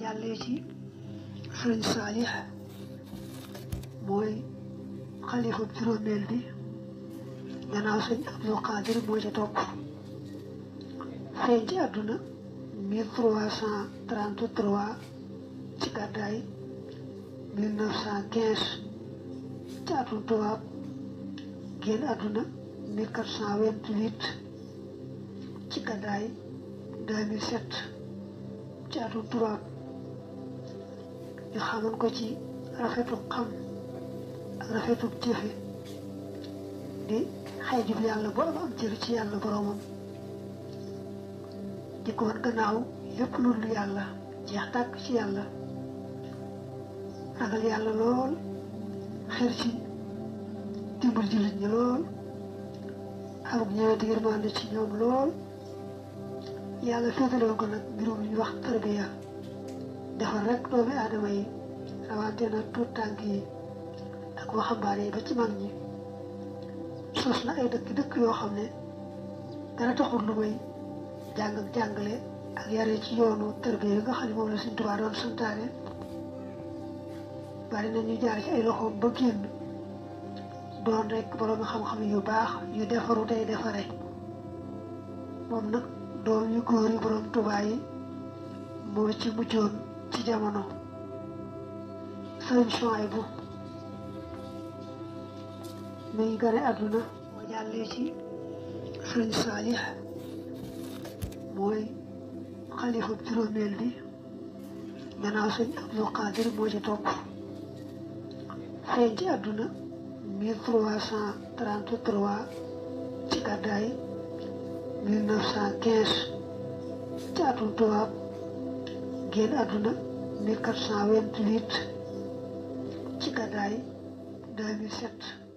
يالتي سن صالح موي خليفة جروميل بي gannaaw sëñ Abdou Qadir moo ci topp feeñ ci àdduna mille trois cent trente trois ci gàddaay mille neuf cent quinze ci atum tubaab génn àdduna mille quatre cent vingt huit ci gàddaay deux mille sept ci atum tubaab ñu xamoon ko ci rafetu xam ak rafetu jëfe di xay jub yàlla borom am cër ci yàlla boromam di ko wan gannaaw lépp lu dul yàlla jeex tàkk ci yàlla ragal yàlla lool xër ci dimbal jullit ñi lool amuk ñëweti yërmande ci ñoom lool yàlla féetale ko nag mbirum ñu wax tarbiya defar rek doomi aadama yi rawatina tuut tànk yi ak waxambaane ba ci mag ñi sos na ay dëkk dëkk yoo xam ne dara taxul lu may jàng ak jàngale ak yare ci yoonu tërbiya yi nga xam ne moom la Sëñ Tuubaa doon santaane bari na ñu jaar ci ay loxoom ba génn doon rek borom xam-xam yu baax yu defaru tey defare moom nag doom yu góor yi borom Tuubaa yi moo ci mujjoon tidak mono salim sama ibu aduna wajah leci salim salih moy khalif abdurrah meldi dana usin abdul qadir moja top aduna mitruwa sa terantu terwa cikadai Kes, jatuh génn àdduna 1428 ci gàddaay 2007